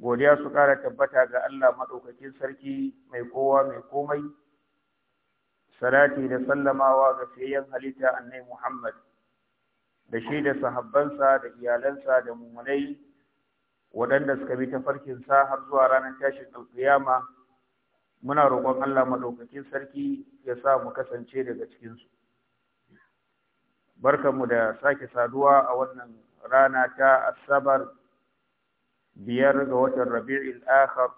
godiya su ƙara tabbata ga Allah maɗaukakin sarki mai kowa mai komai salati da sallamawa ga fiyayyen halitta annai Muhammad da shi da sahabbansa da iyalansa da mummunai waɗanda suka bi tafarkinsa har zuwa ranar tashin ɗauƙiyama, muna roƙon Allah maɗaukakin sarki ya sa mu kasance daga cikinsu barkanmu da sake saduwa a wannan rana ta asabar biyar ga watan rabi'il akhar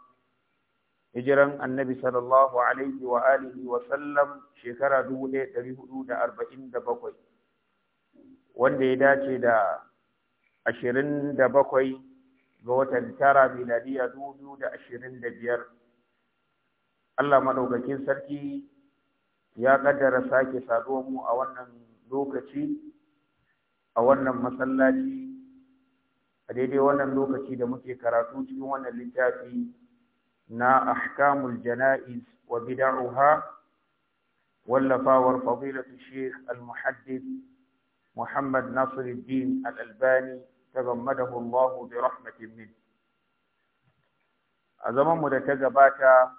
hijiran annabi sallallahu alaihi wa alihi wa sallam shekara 1447 wanda ya dace da 27 ga watan tara miladiya 2025 Allah madaukakin sarki ya kaddara sake saduwa mu a wannan lokaci a wannan masallaci a daidai wannan lokaci da muke karatu cikin wannan littafi na ahkamul jana'iz wa bid'uha wallafawar fadilatu shaykh al-muhaddith Muhammad Nasiruddin al-Albani tagammadahu Allah bi rahmatin min a zaman mu da ta gabata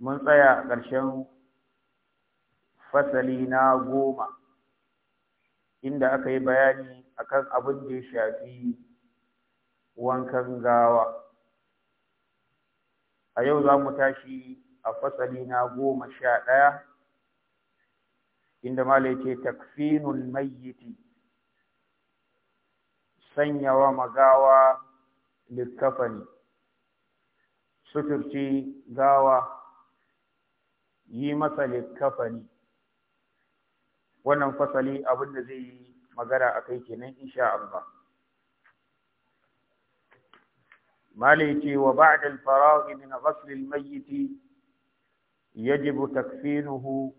mun tsaya ƙarshen fasali na goma inda aka yi bayani akan abin da ya shafi wankan gawa a yau za mu tashi a fasali na goma sha ɗaya inda malai ce takfinul mayyiti sanyawa magawa littafani suturci gawa yi masa littafani wannan fasali abin da zai yi magana a kai kenan insha Allah ماليتي وبعد الفراغ من غسل الميت يجب تكفينه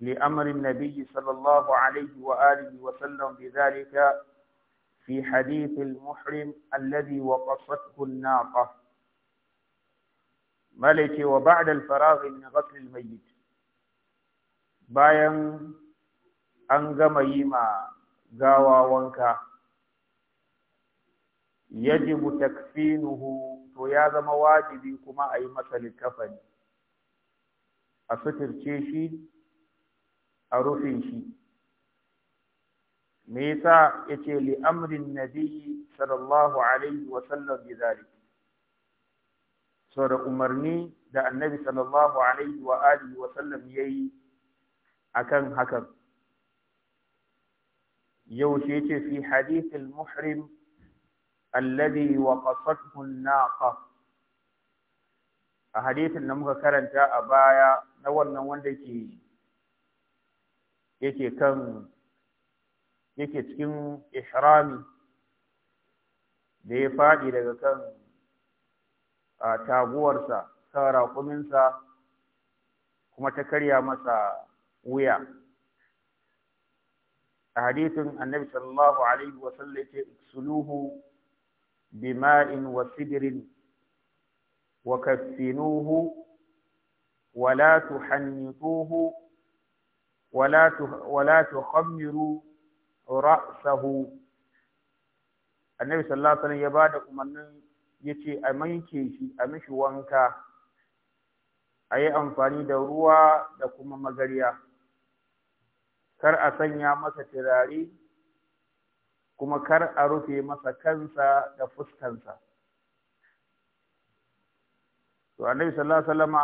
لأمر النبي صلى الله عليه وآله وسلم بذلك في حديث المحرم الذي وقصته الناقة ماليتي وبعد الفراغ من غسل الميت باين an يما yi وانكا yajibu takfinuhu to ya zama wajibi kuma a yi masa likafani a suturce shi a rufin shi me yasa yace li amrin nabiyyi sallallahu alaihi wa sallam bidhalik so da umarni da annabi sallallahu alaihi wa alihi wa sallam yayi akan hakan yau shi yace fi hadith al-muhrim alladhi waqasathu an-naqa a hadisin da muka karanta a baya na wannan wanda ke yake kan yake cikin ihrami da ya faɗi daga kan taguwarsa kan raƙuminsa kuma ta karya masa wuya a hadithin annabi sallallahu alaihi wasallam ce suluhu بماء وسدر وكفنوه ولا تحنطوه ولا ولا تخمروا رأسه النبي صلى الله عليه وسلم يبادك من yace a manke shi a mishi wanka a yi amfani da ruwa da kuma magarya kar a sanya masa turare kuma kar a rufe masa kansa da fuskansa to annabi sallallahu alaihi wasallama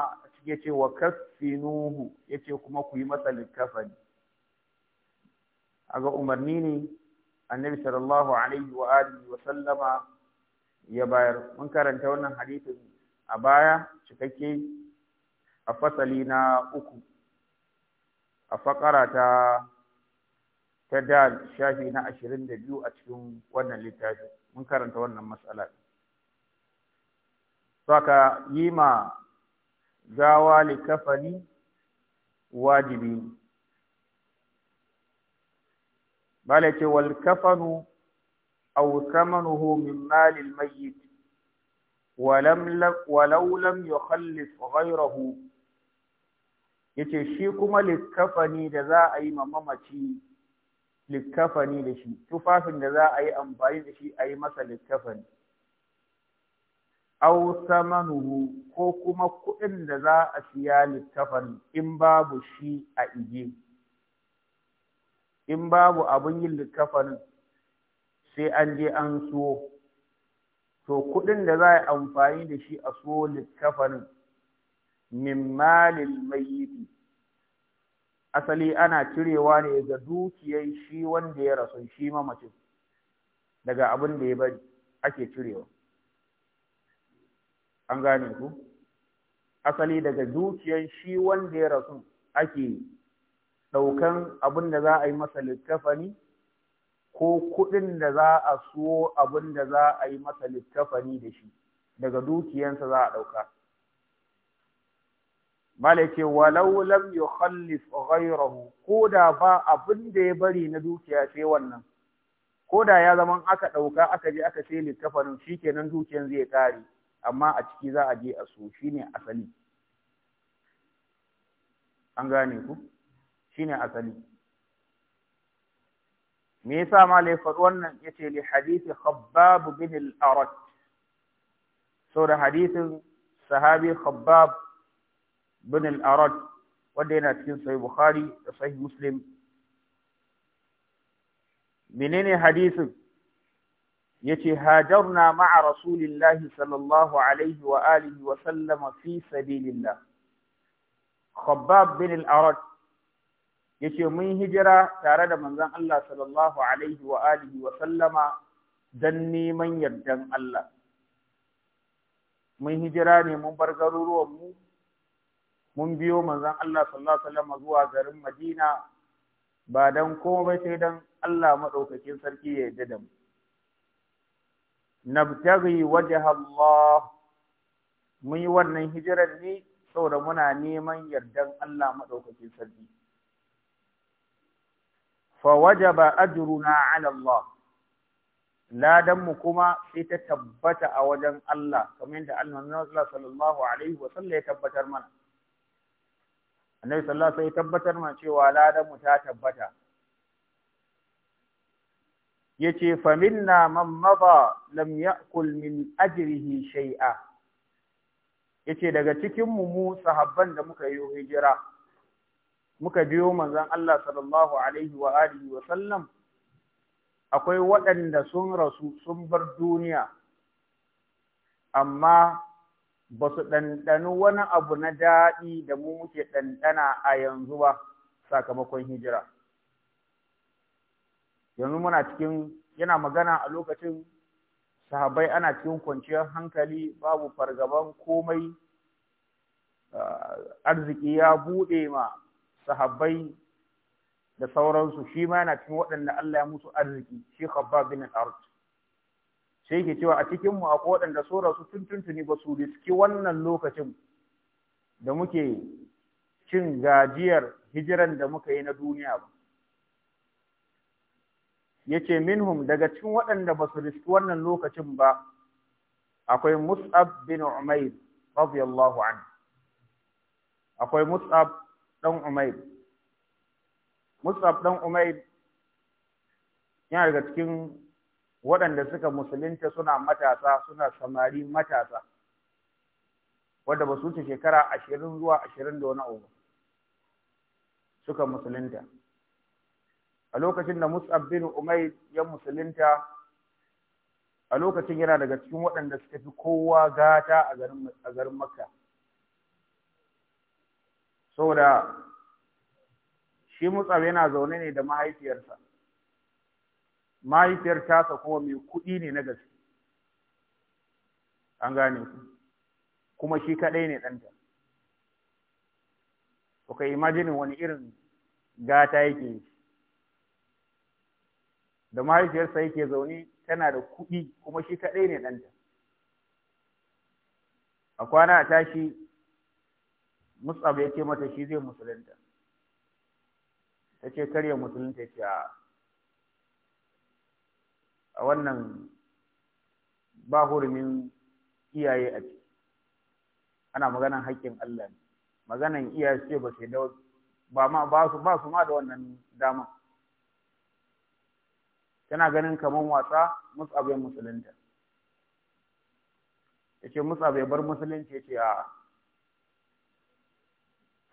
yace wa kaffinuhu yace kuma ku yi masa likafani aga umarni ne annabi sallallahu alaihi wa alihi wa sallama ya bayar mun karanta wannan hadisin a baya cikakke a fasali na uku a fakara ta ta da shafi na ashirin da biyu a cikin wannan littafi mun karanta wannan matsala saka yi ma gawa likafani wajibi bala ce wal kafanu aw thamanuhu min mali mayyit walam walau lam yukhallif ghayrahu yace shi kuma likafani da za a yi ma mamaci likkafani da shi tufafin da za a yi amfani da shi a yi masa likkafani aw samanuhu ko kuma kuɗin da za a siya likkafani in babu shi a ije in babu abin yin likkafanin sai an je an suwo to kuɗin da za a yi amfani da shi a so likkafanin min malil mayyiti asali ana cirewa ne ga dukiyar shi wanda ya rasu shi mamacin daga abin da ya bari ake cirewa an gane ku asali daga dukiyar shi wanda ya rasu ake ɗaukan abin da za a yi masa littafani ko kuɗin da za a so abin da za a yi masa littafani da shi daga dukiyansa za a ɗauka mala ce walau lam yukhallif ghayrahu ko da ba abin da ya bari na dukiya sai wannan ko da ya zama aka ɗauka aka je aka sai littafanin shikenan dukiyan zai kare. amma a ciki za a je a so shine asali an gane ku shine asali me yasa malai lai faɗi wannan yace li hadisi khabbab bin al-arat so da hadisin sahabi khabbab bin al-arad wanda yana cikin sahih bukhari da sai muslim menene hadisin yace na ma'a rasulillahi sallallahu alaihi wa alihi wa sallama fi sabilillah khabbab bin al ya yace mun hijira tare da manzon Allah sallallahu alaihi wa alihi wa sallama dan neman yardan Allah mun hijira ne mun bar garuruwan mu mun biyo manzon Allah sallallahu alaihi wasallam zuwa garin Madina ba dan komai sai dan Allah madaukakin sarki ya yarda da mu nabtaghi wajha Allah mun yi wannan hijirar ne saboda muna neman yardan Allah madaukakin sarki fa wajaba ajruna ala Allah ladan mu kuma sai ta tabbata a wajen Allah kamar yadda Allah sallallahu alaihi wa ya tabbatar mana annabi sallallahu alaihi wasallam tabbatar ma cewa ladan mu ta tabbata yace fa minna man mada lam ya'kul min ajrihi shay'a yace daga cikin mu mu sahabban da muka yi hijira muka biyo manzon Allah sallallahu alaihi wa alihi wa sallam akwai waɗanda sun rasu sun bar duniya amma ba su ɗanɗanu wani abu na daɗi da mu muke ɗanɗana a yanzu ba sakamakon hijira. Yanzu muna cikin yana magana a lokacin sahabai ana cikin kwanciyar hankali babu fargaban komai arziki ya buɗe ma sahabai da sauransu shi ma yana cikin waɗanda Allah ya musu arziki shi khabba bin al-Ard sai ke cewa a cikin mu akwai waɗanda so rasu tun tuntuni ba su riski wannan lokacin da muke cin gajiyar hijiran da muka yi na duniya ba Ya yace minhum daga cikin waɗanda ba su riski wannan lokacin ba akwai Mus'ab bin Umair radiyallahu anhu akwai Mus'ab dan Umair Mus'ab ɗan Umair yana daga cikin waɗanda suka musulunta suna matasa suna samari matasa wadda ba su wuce shekara ashirin zuwa ashirin da wani abu suka musulunta a lokacin da mus'ab bin umair ya musulunta a lokacin yana daga cikin waɗanda suka fi kowa gata a garin makka saboda shi mus'ab yana zaune ne da mahaifiyarsa mahaifiyar tasa kuma mai kuɗi ne na gaske an gane ku kuma shi kaɗai ne ɗanta Ku kai imajinin wani irin gata yake yi. da mahaifiyarsa yake zaune tana da kuɗi kuma shi kaɗai ne ɗanta a kwana a tashi musab ya ce mata shi zai musulunta ta ce karya musulunta ce a a wannan ba hurumin iyaye a ciki ana maganan haƙƙin Allah ne maganan iyaye ce ba sai da ba ma ba su ba su ma da wannan dama tana ganin kaman wasa musabe musulunta yace musabe bar musulunci yace a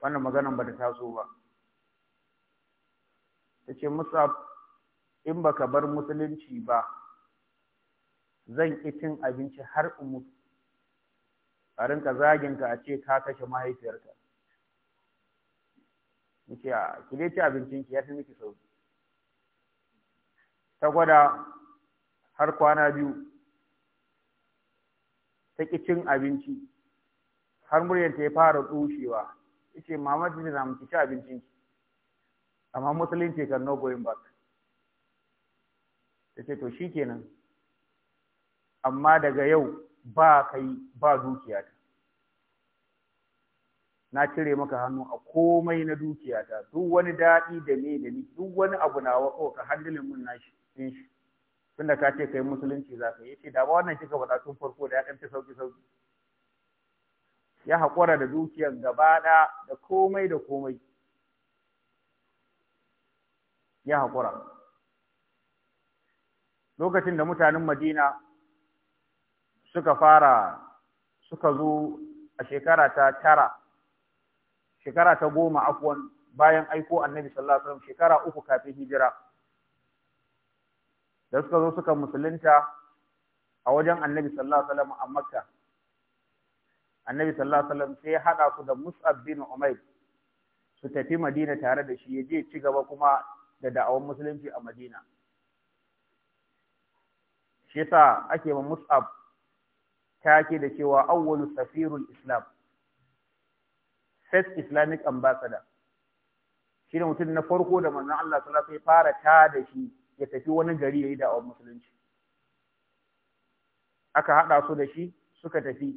wannan maganan ba ta taso ba tace musabe in baka bar musulunci ba zan ki cin abinci har in mutu a rinka zaginka a ce ka kashe mahaifiyarka nake a ki dai ci abincinki ya fi miki sauki ta gwada har kwana biyu ta ki cin abinci har muryarta ya fara tsushewa yace ce ki na mu ci abincinki amma musulunci kan no going back ta ce to shi kenan amma daga yau ba kai ba dukiyata na cire maka hannu a komai na dukiyata duk wani daɗi da me da ni duk wani abu na ko ka handilin mun nashi din shi tunda ka ce kai musulunci za ka yi ce da ba wannan kika faɗa tun farko da ya ɗan sauki sauki ya haƙura da dukiyar gaba da komai da komai ya haƙura lokacin da mutanen Madina suka fara suka zo a shekara ta tara shekara ta goma afwan bayan aiko annabi sallallahu alaihi wasallam shekara uku kafin hijira da suka zo suka musulunta a wajen annabi sallallahu alaihi wasallam a makka annabi sallallahu alaihi wasallam sai ya hada su da mus'ab bin umayr su tafi madina tare da shi ya je ci gaba kuma da da'awar musulunci a madina shi yasa ake ma mus'ab take da cewa awwalu safirul islam first islamic ambassador shi mutum na farko da manzon Allah sallallahu alaihi fara ta da shi ya tafi wani gari yayi da awon musulunci aka hada su da shi suka tafi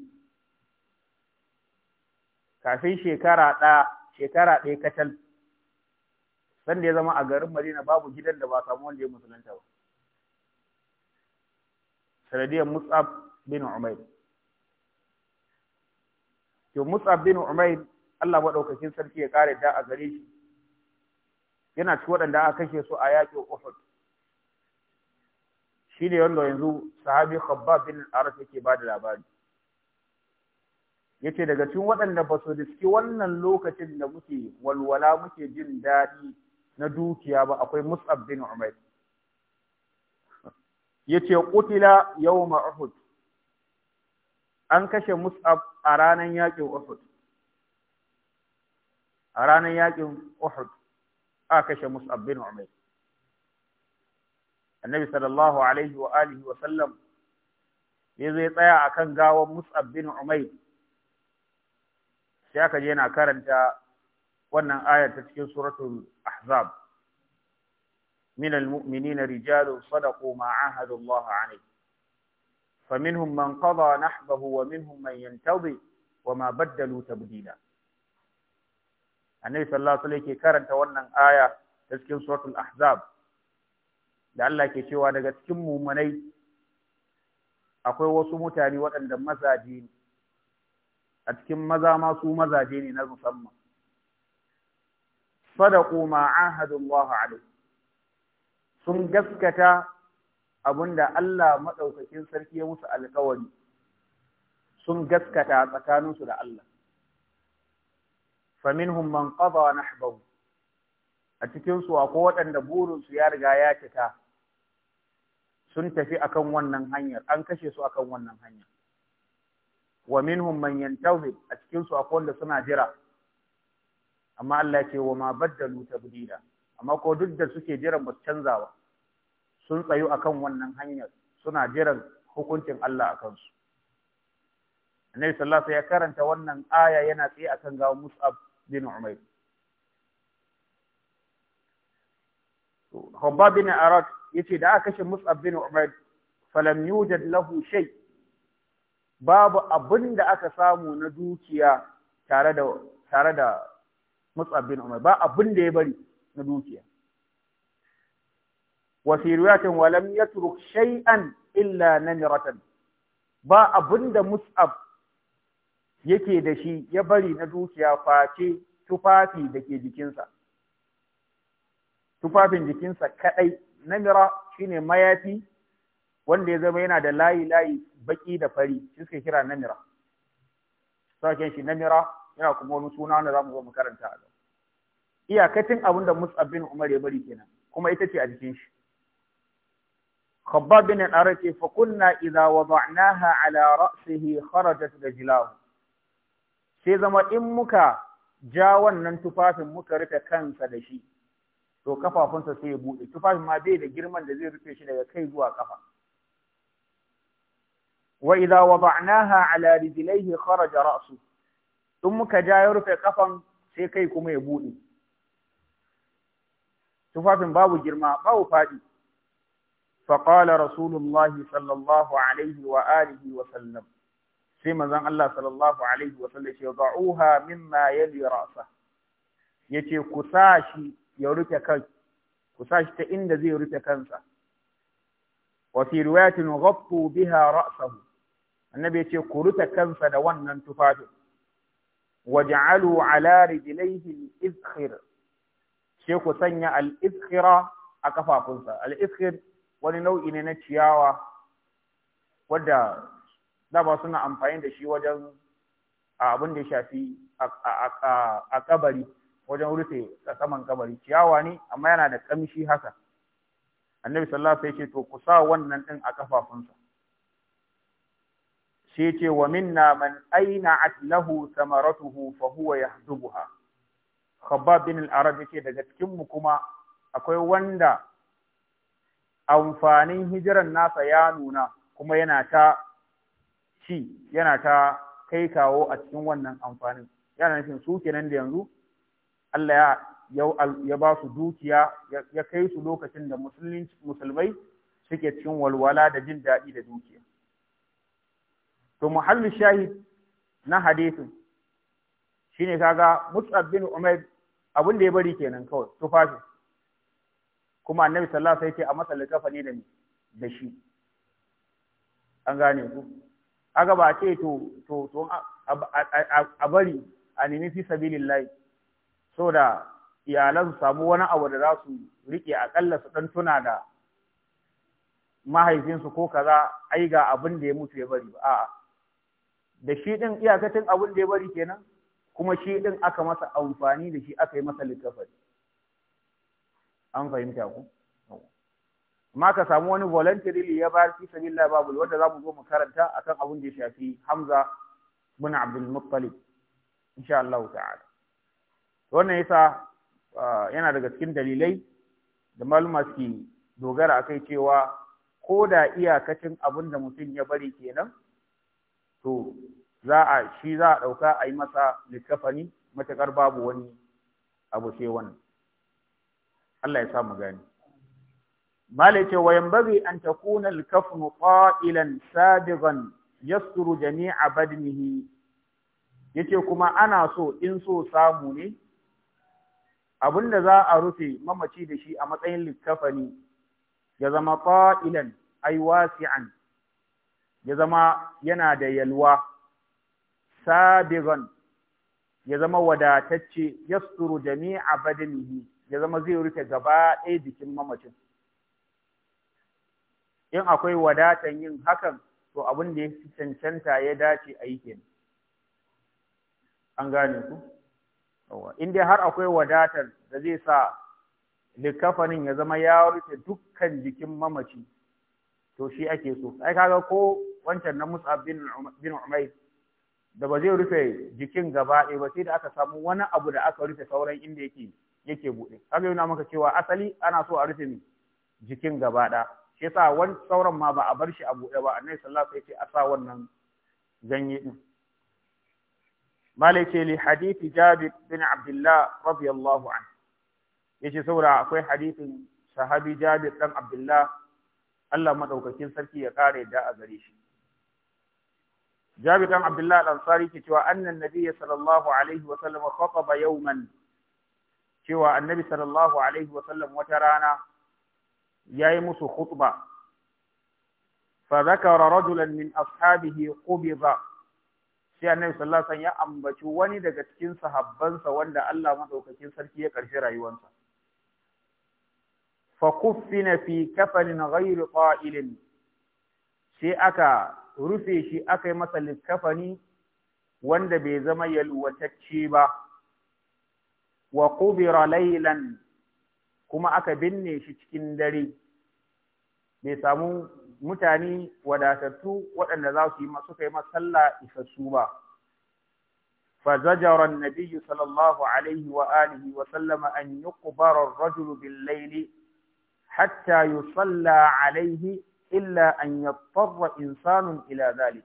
kafin shekara ɗaya shekara ɗaya kacal sanda ya zama a garin Madina babu gidan da ba samu wanda ya musulunta ba sanadiyar Mus'ab bin Umair to Mus'ab bin Umair Allah madaukakin sarki ya kare da a gare shi yana ci waɗanda aka kashe su a yaƙin Uhud ne wanda yanzu sahabi Khabbab bin Arif yake bada labari yace daga cikin waɗanda ba su riski wannan lokacin da muke walwala muke jin daɗi na dukiya ba akwai Mus'ab bin Umair yace qutila yawma uhud an kashe mus'ab a ranan yaƙin uhud a ranan yaƙin uhud a kashe mus'ab bin umayr annabi sallallahu alaihi wa alihi wa sallam ya zai tsaya akan gawon mus'ab bin umayr sai aka je yana karanta wannan ayar ta cikin suratul ahzab من المؤمنين رجال صدقوا ما عاهدوا الله عليه فمنهم من قضى نحبه ومنهم من ينتظر وما بدلوا تبديلا النبي صلى الله عليه وسلم ke karanta wannan aya ta cikin suratul ahzab da Allah ke cewa daga cikin mumunai akwai wasu mutane waɗanda mazaje ne a cikin maza ma su mazaje ne na musamman sadaqu ma sun gaskata abinda Allah maɗaukakin sarki ya musu alkawari sun gaskata tsakaninsu da Allah faminhum man qada nahbahu a cikin su akwai waɗanda burinsu ya riga ya cika sun tafi akan wannan hanyar an kashe su akan wannan hanyar wa minhum man yantazir a cikin su akwai wanda suna jira amma Allah ce wa ma baddalu tabdila amma ko duk da suke jiran ba su sun tsayu akan wannan hanyar suna jiran hukuncin Allah a kansu. Annabi sallallahu ya karanta wannan aya yana tsaye akan ga Mus'ab bin Umair. Hubba bin Arad yace da aka kashe Mus'ab bin Umair falam yujad lahu shay babu abinda aka samu na dukiya tare da tare da Mus'ab bin Umar ba abinda ya bari na dukiya wa fi riwayatin wa lam yatruk shay'an illa namiratan ba abinda mus'ab yake da shi ya bari na dukiya face tufafi dake ke jikinsa tufafin jikinsa kadai namira shine mayafi wanda ya zama yana da layi layi baki da fari shi suke kira namira sauken shi namira yana kuma wani suna wanda zamu zo mu karanta a iyakacin abin Mus'ab bin Umar ya bari kenan kuma ita ce a jikin shi Khabbab bin Al-Arab ce fa kunna idza wada'naha ala ra'sihi kharajat rijlahu sai zama in muka ja wannan tufafin muka rufe kansa da shi to kafafunsa sai ya bude tufafin ma bai da girman da zai rufe shi daga kai zuwa kafa wa idza wada'naha ala rijlaihi kharaja ra'su in muka ja ya rufe kafan sai kai kuma ya bude tufafin babu girma babu fadi فقال رسول الله صلى الله عليه وآله وسلم سيما زن الله صلى الله عليه وسلم يضعوها مما يلي رأسه يتي كساشي يورك كي كساشي تإند زي يورك كنسا وفي رواية غطوا بها رأسه النبي يتي كرت كنسا دوانا تفاته وجعلوا على رجليه الإذخر شيخ سنة الإذخرة أكفا كنسا الإذخر wani nau'i ne na ciyawa wadda dama suna amfani da shi wajen abin da ya shafi a kabari wajen rufe saman kabari ciyawa ne amma yana da kamshi haka annabi sallallahu alaihi wasallam ce to ku sa wannan din a kafafunsa sai ce wa minna man aina atlahu samaratuhu fa huwa yahdubuha khabbab bin al-arab yake daga cikin mu kuma akwai wanda amfanin hijiran nasa ya nuna kuma yana ta ci yana ta kai kawo a cikin wannan amfanin yana nufin su kenan da yanzu Allah ya ba su dukiya ya kai su lokacin da musulmai suke cikin walwala da jin daɗi da dukiya to muhallin shahid na hadisin shine kaga Mus'ab bin Umair abin da ya bari kenan kawai tufafin kuma annabi sallallahu alaihi wasallam a masa likafani da da shi an gane ku aga ba ce to to to a bari a nemi fi sabilillahi saboda iyalan su samu wani abu da za su rike akalla su dan tuna da mahaifinsu ko kaza ai ga abin da ya mutu ya bari ba a'a da shi din iyakacin abin da ya bari kenan kuma shi din aka masa amfani da shi aka yi masa littafari an fahimta ku amma ka samu wani voluntarily ya bayar fi sabilillah babu wanda zamu zo mu karanta akan abun da ya shafi Hamza bin Abdul Muttalib insha Allah ta'ala wannan yasa yana daga cikin dalilai da maluma suke dogara akai cewa ko da iyakacin abin da mutum ya bari kenan to za a shi za a ɗauka a yi masa littafani matuƙar babu wani abu sai wannan Allah ya samu gani malai ce wa yanbaghi an takuna al-kafnu qa'ilan sabigan yasturu jami'a badnihi ce kuma ana so in so samu ne abinda za a rufe mamaci da shi a matsayin likafani ya zama ƙa’ilan ay wasi'an ya zama yana da yalwa sadigan, ya zama wadatacce yasturu jami'a badnihi ya zama zai rufe gaba ɗaya jikin mamacin in akwai wadatan yin hakan to abin da ya fi cancanta ya dace a yi kenan an gane ku in dai har akwai wadatar da zai sa likafanin ya zama ya rufe dukkan jikin mamaci to shi ake so ai kaga ko wancan na Musa bin bin da ba zai rufe jikin gaba ɗaya ba sai da aka samu wani abu da aka rufe sauran inda yake yake buɗe kaga yana maka cewa asali ana so a rufe mi jikin gaba ɗaya shi yasa wani sauran ma ba a bar shi a buɗe ba annabi sallallahu alaihi wasallam ya ce a sa wannan ganye din malai ce li hadithi jabir bin abdullah radiyallahu anhu yace saboda akwai hadithin sahabi jabir dan abdullah Allah madaukakin sarki ya kare da a gare shi jabir dan abdullah al-ansari ke cewa annan nabiyyi sallallahu alaihi wa sallam khataba yawman cewa annabi sallallahu alaihi wasallam wata rana ya yi musu khutba fa rajulan min ashabihi qubiza sai annabi sallallahu alaihi wasallam ya ambaci wani daga cikin sahabbansa wanda Allah madaukakin sarki ya karshe rayuwarsa fa kuffina fi kafanin ghayri qa'ilin sai aka rufe shi aka yi masa likafani wanda bai zama yalwatacce ba wa qubira laylan kuma aka binne shi cikin dare bai samu mutane wadatattu waɗanda za su yi masu kai masalla isassu ba fa zajara annabi sallallahu alaihi wa alihi wa sallama an yuqbara ar-rajulu bil layli hatta yusalla alaihi illa an yattarra insanun ila dhalik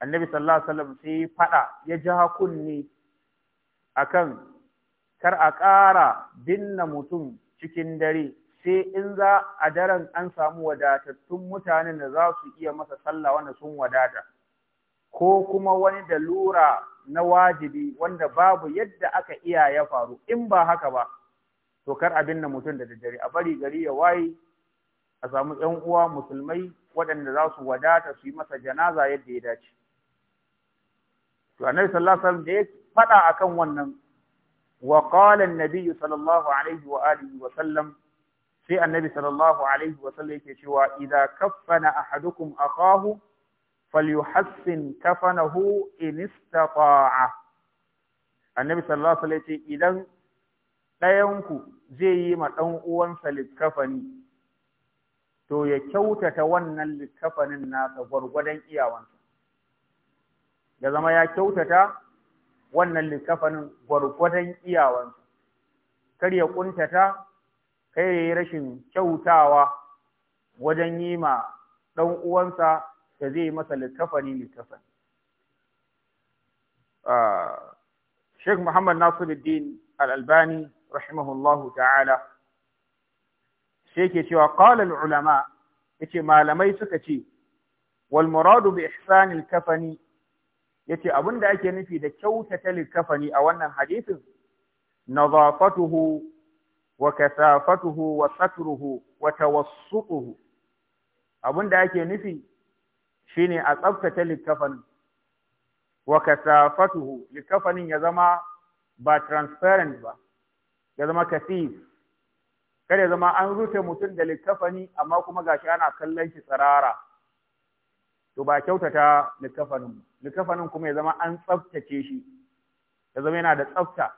annabi sallallahu alaihi wasallam sai faɗa ya ja kunne akan kar a ƙara binne mutum cikin dare sai in za a daren an samu wadatattun mutanen da za su iya masa sallah wanda sun wadata ko kuma wani da lura na wajibi wanda babu yadda aka iya ya faru in ba haka ba to kar a binne mutum da daddare a bari gari ya waye a samu ƴan uwa musulmai waɗanda za su wadata su yi masa janaza yadda ya dace to annabi sallallahu alaihi wasallam da ya faɗa akan wannan wa qala an alaihi wa alihi sai annabi sallallahu alaihi wa sallam yake cewa idza kaffana ahadukum akahu falyuhassin kafanahu in annabi sallallahu alaihi idan ɗayanku zai yi ma ɗan uwansa likkafani to ya kyautata wannan likkafanin nasa gwargwadon iyawansa ya zama ya kyautata wannan likafanin gwargwadon iyawansu kar ya kuntata kai ya yi rashin kyautawa wajen yi ma ɗan uwansa da zai masa likafani likafani Sheikh Muhammad Nasiruddin Al-Albani rahimahullahu ta'ala sai ke cewa qala al-ulama yace malamai suka ce wal muradu bi ihsanil kafani yace abin da ake nufi da kyautata likafani a wannan hadisin nadafatuhu wa kasafatuhu wa satruhu wa tawassutuhu abin da ake nufi shine a tsaftace likafanin wa kasafatuhu likafanin ya zama ba transparent ba ya zama kasif kada ya zama an rufe mutum da likafani amma kuma gashi ana kallon shi tsirara to ba kyautata likafanin likafanin kuma ya zama an tsaftace shi ya zama yana da tsafta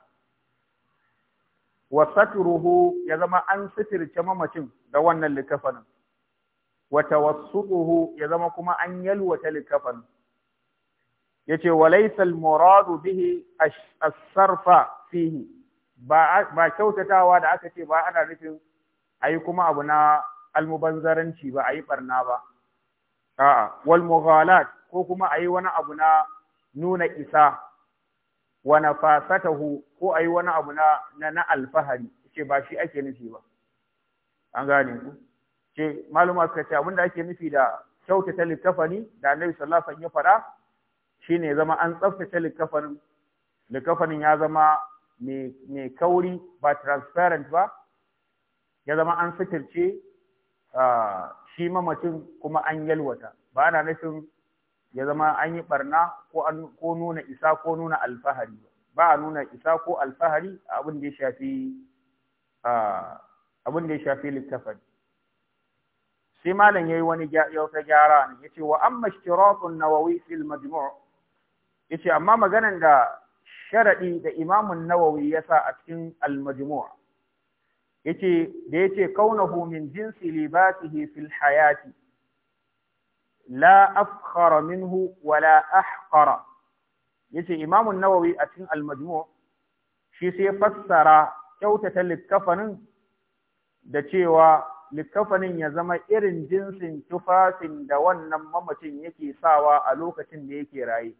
wa satruhu ya zama an sitirce mamacin da wannan likafanin wa tawassuhu ya zama kuma an yalwata likafanin yace wa laysa al-muradu bihi as-sarfa fihi ba ba kyautatawa da aka ce ba ana nufin ayi kuma abu na almubanzaranci ba ayi barna ba a'a wal mughalat ko kuma ayi wani abu na nuna isa wa fasatahu ko ayi wani abu na na, alfahari ce ba shi ake nufi ba an gane ku ce maluma suka ce abinda ake nufi da kyautata littafani da annabi sallallahu alaihi wasallam ya fara shine zama an tsaftace littafanin littafanin ya zama mai kauri ba transparent ba ya zama an sitirce shi mamacin kuma an yalwata ba na nufin ya zama an yi barna ko nuna isa ko nuna alfahari ba a nuna isa ko alfahari abin da ya shafi abin da ya shafi littafin sai malam yayi wani wata gyara ne yace wa amma ishtiratun nawawi fil majmu' yace amma maganan da sharadi da imamun nawawi yasa a cikin al majmu' yace da yace kaunahu min jinsi libatihi fil hayati la afkhara minhu wala ahqara yace an nawawi a cikin al-majmu' shi sai fassara kyautata likkafanin da cewa likkafanin ya zama irin jinsin tufafin da wannan mamacin yake sawa a lokacin da yake raye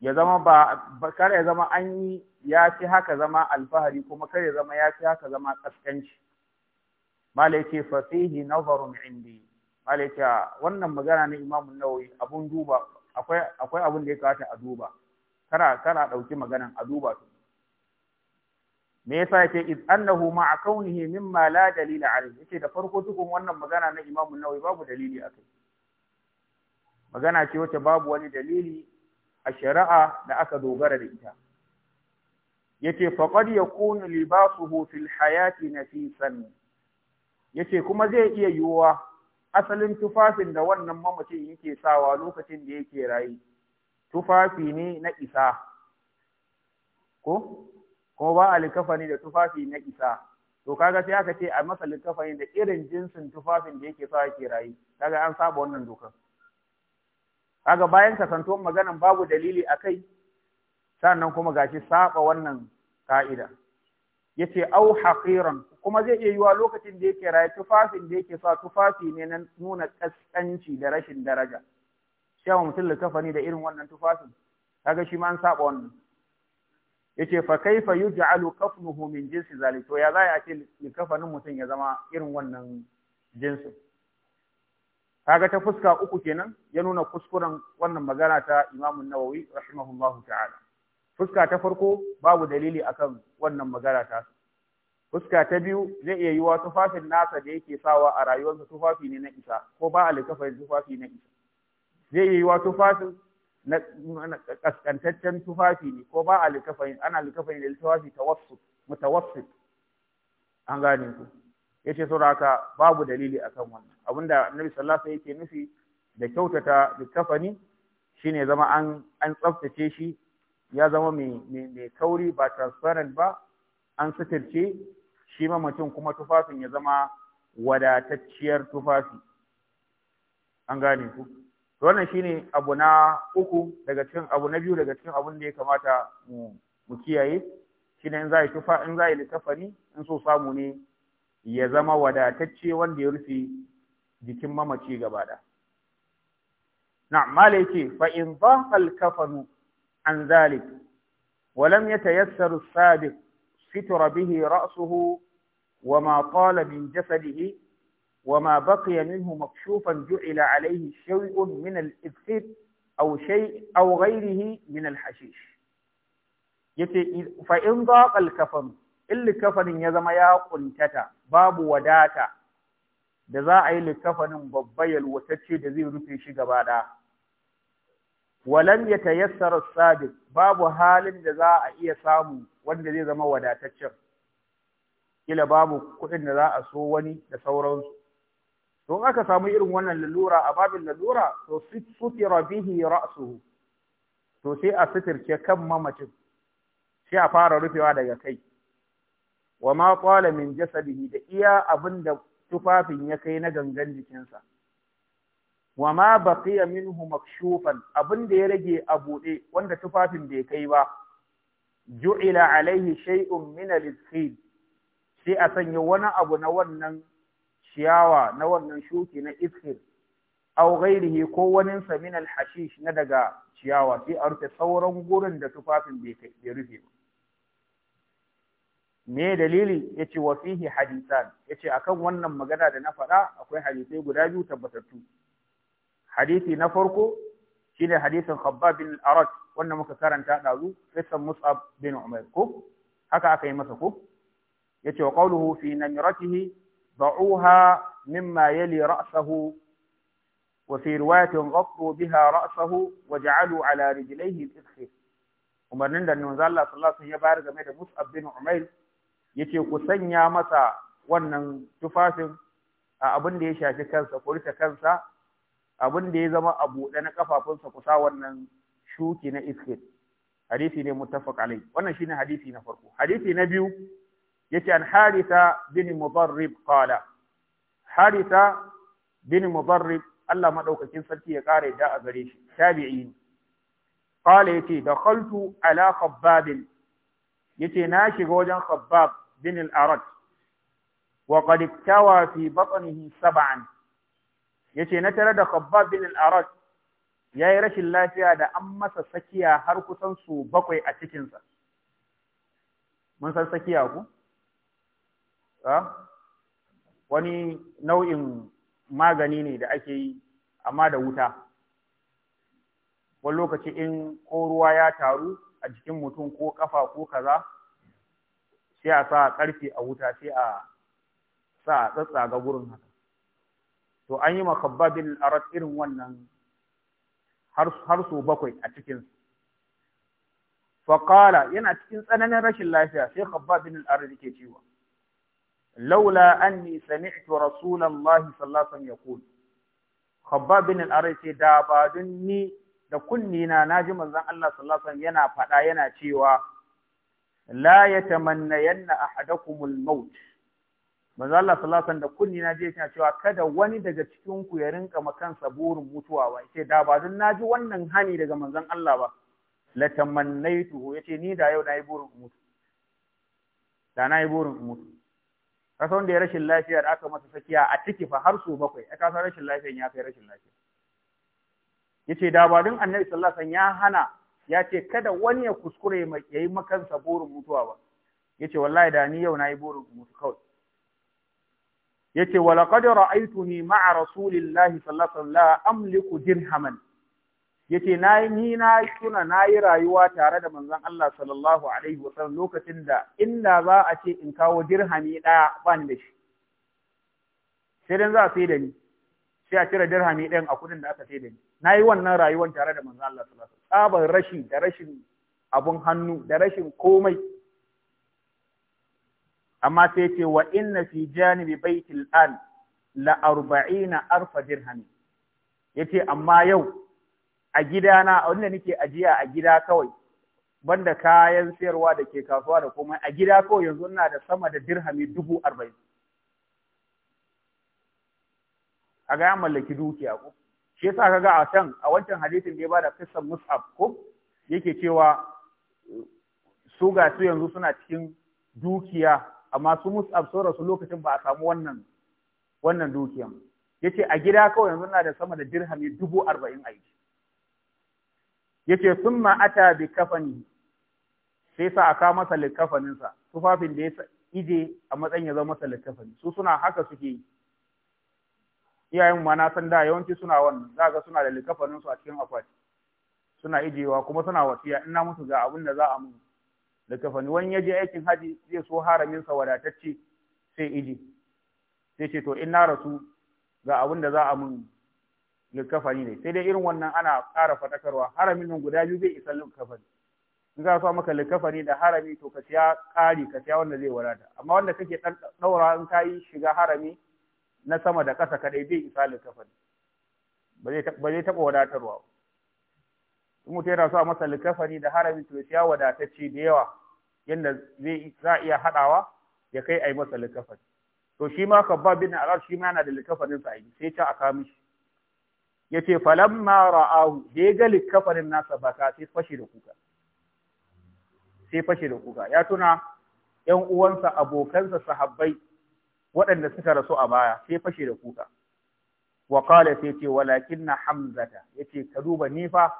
ya zama ba kar ya zama an yi ya fi haka zama alfahari kuma kar ya zama ya fi haka zama kaskanci malai ce fasihi nazaru indi malai ce wannan magana na imamu Nawawi abun duba akwai akwai abun da ya kawata a duba kana kana dauki maganan a duba su me yasa yake iz annahu ma'a kaunihi mimma la dalila alayhi yace da farko tukun wannan magana na imamu Nawawi babu dalili akai magana ce wacce babu wani dalili a shari'a da aka dogara da ita yace ya yakunu libasuhu fil hayati nafisan yace kuma zai iya yiwuwa asalin tufafin da wannan mamacin yake sawa lokacin da yake rayu tufafi ne na isa ko kuma ba alkafani da tufafi na isa to kaga sai aka ce a masa likafani da irin jinsin tufafin da yake sawa yake rayu kaga an saba wannan dokar kaga bayan kasantuwar maganan babu dalili akai, kai sannan kuma gashi saba wannan ka'ida yace au haqiran kuma zai iya yiwa lokacin da yake raye tufafin da yake sa tufafi ne na nuna kaskanci da rashin daraja sai wa mutum likafani da irin wannan tufafin kaga shi ma an saba wannan yace fa kaifa yuj'alu kafnuhu min jinsi zalik to ya za a ce likafanin mutum ya zama irin wannan jinsin kaga ta fuska uku kenan ya nuna kuskuren wannan magana ta Imam Nawawi rahimahullahu ta'ala fuska ta farko babu dalili akan wannan magana ta fuska ta biyu zai iya yiwa tufafin nasa da yake sawa a rayuwarsa tufafi ne na isa ko ba a likafa tufafi na isa zai iya yiwa tufafin na kaskantaccen tufafi ne ko ba a likafa ana likafa da tufafi tawassut mutawassit an gane ku yace sauraka babu dalili akan wannan abinda annabi sallallahu alaihi wasallam yake nufi da kyautata likafani shine zama an an tsaftace shi ya zama mai kauri ba transparent ba an sutirce shi ma mutum kuma tufafin ya zama wadatacciyar tufafi an gane ku wannan shine abu na uku daga cikin abu na biyu daga cikin abun da ya kamata mu kiyaye shine in za yi tufa in za yi likafani in so samu ne ya zama wadatacce wanda ya rufe jikin mamaci gaba da na'am mala yake fa'in in dhahal kafanu an zalik wa lam yatayassar as-sabiq sitra bihi ra'suhu wa ma qala min jasadihi wa ma baqiya minhu makshufan ju'ila alaihi shay'un min al-ibtid aw shay aw min al yace fa'in in dhaqal kafanu in likafanin ya zama ya kuntata babu wadata da za a yi likafanin babba yalwatacce da zai rufe shi gaba ɗaya walam ya tayassara sadiq babu halin da za a iya samu wanda zai zama wadataccen kila babu kuɗin da za a so wani da sauransu to aka samu irin wannan lalura a babin lalura to sutira bihi ra'suhu to sai a sutirce kan mamacin sai a fara rufewa daga kai wa ma qala min jasadihi da iya abin da tufafin ya kai na gangan jikinsa wa ma baqiya minhu makshufan abin da ya rage a bude wanda tufafin bai kai ba ju'ila alaihi shay'un min al sai a sanya wani abu na wannan ciyawa na wannan shuki na iskir aw ghairihi ko wani sa min al hashish na daga ciyawa sai a rufe sauran gurin da tufafin bai rufe ba me dalili yace wa fihi hadisan yace akan wannan magana da na faɗa akwai hadisai guda biyu tabbatattu hadisi na farko shine hadisin Khabbab bin arad wannan muka karanta dazu kisan Mus'ab bin Umair ko haka aka yi masa ko yace wa qawluhu fi namiratihi da'uha mimma yali ra'sahu wa fi riwayatin ghattu biha ra'sahu waj'alu ala rijlaihi al-idkhir umarnin da manzo Allah sallallahu alaihi wasallam ya bayar game da Mus'ab bin Umair yace ku sanya masa wannan tufafin a abin da ya shafi kansa ku rufe kansa abin da ya zama a buɗe na kafafunsa ku sa wannan shuki na iske. hadisi ne muttafaq alai wannan shine hadisi na farko hadisi na biyu yace an harisa bin mudarrib qala harisa bin mudarrib Allah madaukakin sarki ya kare da a gare shi tabi'i qala yace dakhaltu ala khabbab yace na shiga wajen khabbab بن الأرد وقد اكتوى في بطنه سبعا yace na tare da Khabbab bin al-Arad yayi rashin lafiya da an masa sakiya har kusan su bakwai a cikin sa mun san sakiya ku wani nau'in magani ne da ake yi amma da wuta wani lokaci in ko ruwa ya taru a jikin mutum ko kafa ko kaza sai a sa karfe a wuta sai a sa a tsatsaga gurin haka to an yi makabbabil arat irin wannan har su bakwai a cikin faƙala yana cikin tsananin rashin lafiya sai khabbabin al'arzi ke cewa laula anni sami'tu rasulallahi sallallahu alaihi wasallam khabbabin al'arzi ce da ba dun ni da kunni na naji manzon Allah sallallahu yana faɗa yana cewa la yatamannayanna ahadakumul maut manzo Allah sallallahu alaihi wasallam kunni na je yana cewa kada wani daga cikin ku ya rinka makansa burin mutuwa ba yace da ba na naji wannan hani daga manzon Allah ba la Ya yace ni da yau yi burin mutu da nayi burin mutu kasa wanda ya rashin lafiya aka masa sakiya a ciki fa har su bakwai aka san rashin lafiyar, ya kai rashin lafiya yace da ba dun Annabi sallallahu alaihi wasallam ya hana ya ce kada wani ya kuskure ya yi makansa burin mutuwa ba ya ce wallahi da ni yau na yi burin mutu kawai ya ce wa laqad ni ma'a rasulillahi sallallahu alaihi wasallam amliku dirhaman ya ce na ni na tuna na yi rayuwa tare da manzan Allah sallallahu alaihi wasallam lokacin da inda za a ce in kawo dirhami ɗaya ba ni da shi sai dan za a sai da ni sai a cire dirhami ɗin a kuɗin da aka sai da ni na yi wannan rayuwar tare da manzo Allah sallallahu alaihi wasallam tsabar rashi da rashin abun hannu da rashin komai amma sai ce wa inna fi janibi baitil an la arba'ina arfa dirhami yace amma yau a gidana wanda nake ajiya a gida kawai banda kayan sayarwa da ke kasuwa da komai a gida kawai yanzu ina da sama da dirhami dubu arba'in kaga ya mallaki dukiya ko shi yasa kaga a can a wancan hadisin da ya bada kissan Mus'ab ko yake cewa su ga su yanzu suna cikin dukiya amma su Mus'ab sun rasu lokacin ba a samu wannan wannan dukiyan yace a gida kawai yanzu na da sama da dirhami dubu arba'in a yi yace summa ata bi kafani sai sa aka masa likafaninsa tufafin da ya ije a matsayin ya zama masa likafani su suna haka suke yi iyayen ma na san da yawanci suna wannan za ga suna da likafanin su a cikin akwati suna ijewa kuma suna wasiya in na musu ga abin da za a mun likafani wani ya aikin haji zai so haramin sa wadatacce sai ije sai ce to in na rasu ga abin da za a mun likafani ne sai dai irin wannan ana ƙara fadakarwa haramin nan guda biyu zai isa likafani in za so maka likafani da harami to ka siya ƙari ka siya wanda zai wadata amma wanda kake ɗaura in ka yi shiga harami na sama da ƙasa kaɗai bai isa likafani ba zai taɓa wadatarwa in mutum yana so a masa likafani da haramin to ya wadatacce da yawa yadda zai za iya haɗawa ya kai a yi masa likafani to shi ma kabba bin al'ar shi ma yana da likafanin sa yi sai ta ya ce yace ma ra'ahu da ya ga likafanin nasa baka sai fashe da kuka sai fashe da kuka ya tuna 'yan uwansa abokansa sahabbai waɗanda suka rasu a baya sai fashe da kuka wa qala sai ce walakin na hamzata yace ka duba ni fa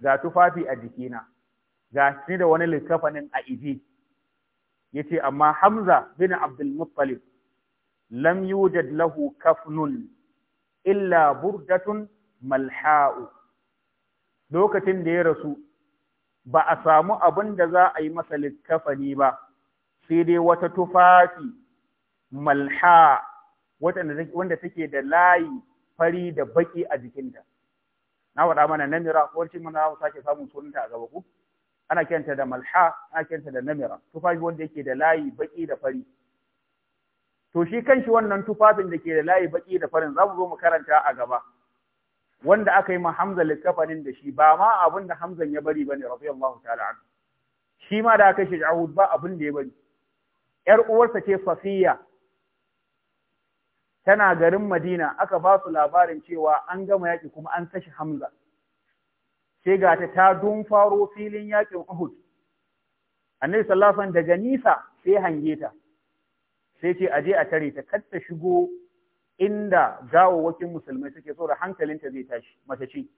ga tufafi a jikina ga ni da wani likafanin a Ya yace amma hamza bin abdul muttalib lam yujad lahu kafnun illa burdatun malha'u lokacin da ya rasu ba a samu abin da za a yi masa likafani ba sai dai wata tufafi malha wanda take da layi fari da baki a jikinta na faɗa mana namira kowace mana za sake samun sunanta a gaba ku ana kenta da malha ana kenta da namira tufafi wanda yake da layi baki da fari to shi kanshi wannan tufafin da ke da layi baki da farin za mu zo mu karanta a gaba wanda aka yi ma Hamza littafanin da shi ba ma abin da Hamzan ya bari bane radiyallahu ta'ala anhu shi ma da aka shi ba abin da ya bari ‘yar uwarsa ce Safiya tana garin Madina aka ba su labarin cewa an gama yaƙi kuma an kashe Hamza. Sai ga ta ta don faro filin yaƙin Uhud. Annabi sallallahu alaihi daga nisa sai hange ta. Sai ce aje a tare ta kar ta shigo inda gawawwakin musulmai suke so da hankalinta zai tashi mace ce.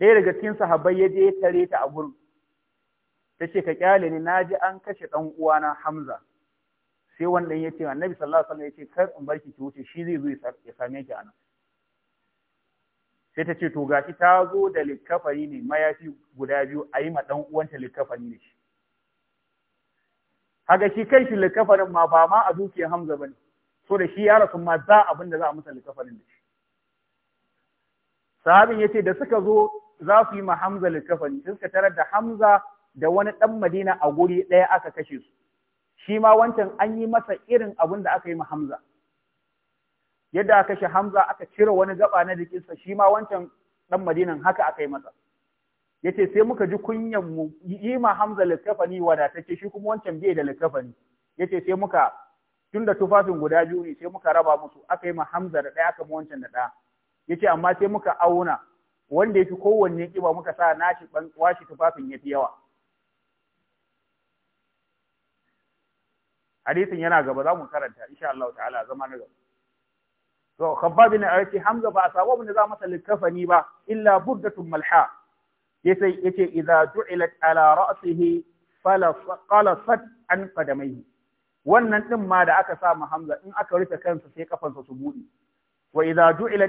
Ɗaya daga cikin sahabbai ya je tare ta a gurin. Ta ce ka kyale ni na ji an kashe ɗan uwana Hamza. sai wanda ya ce annabi sallallahu alaihi wasallam ya ce kar in barki ki wuce shi zai zo ya same ki anan sai ta ce to gashi ta zo da likkafari ne mayafi guda biyu a yi ma dan uwanta likkafari ne shi haga shi kanshi likkafarin ma ba ma a dukiyar Hamza bane so da shi ya rasu ma za abin da za a masa likkafarin da shi ya ce da suka zo za su yi ma Hamza likkafari suka tarar da Hamza da wani dan Madina a guri ɗaya aka kashe su shi ma wancan an yi masa irin abin da aka yi ma Hamza yadda aka kashe Hamza aka cire wani gaba na jikinsa shi ma wancan ɗan Madinan haka aka yi masa Ya ce sai muka ji kunyan mu yi ma Hamza littafani wadatacce shi kuma wancan bai da littafani Ya ce sai muka tun da tufafin guda biyu ne sai muka raba musu aka yi ma Hamza da ɗaya aka wancan da ɗaya Ya ce amma sai muka auna wanda ya fi kowanne kiba muka sa nashi ɓan washi tufafin ya fi yawa hadisin yana gaba za mu karanta insha Allah ta'ala zama na gaba to khabbab bin arati hamza ba a samu abin da za masa likafani ba illa burdatun malha yace yace idza ju'ilat ala ra'sihi fala qalasat an qadamaihi wannan din ma da aka sa mu hamza in aka rufe kansa sai kafansa su bude wa idza